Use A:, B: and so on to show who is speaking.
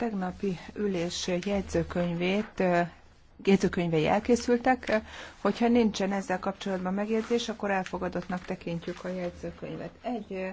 A: tegnapi ülés jegyzőkönyvét, jegyzőkönyvei elkészültek. Hogyha nincsen ezzel kapcsolatban megjegyzés, akkor elfogadottnak tekintjük a jegyzőkönyvet.
B: Egy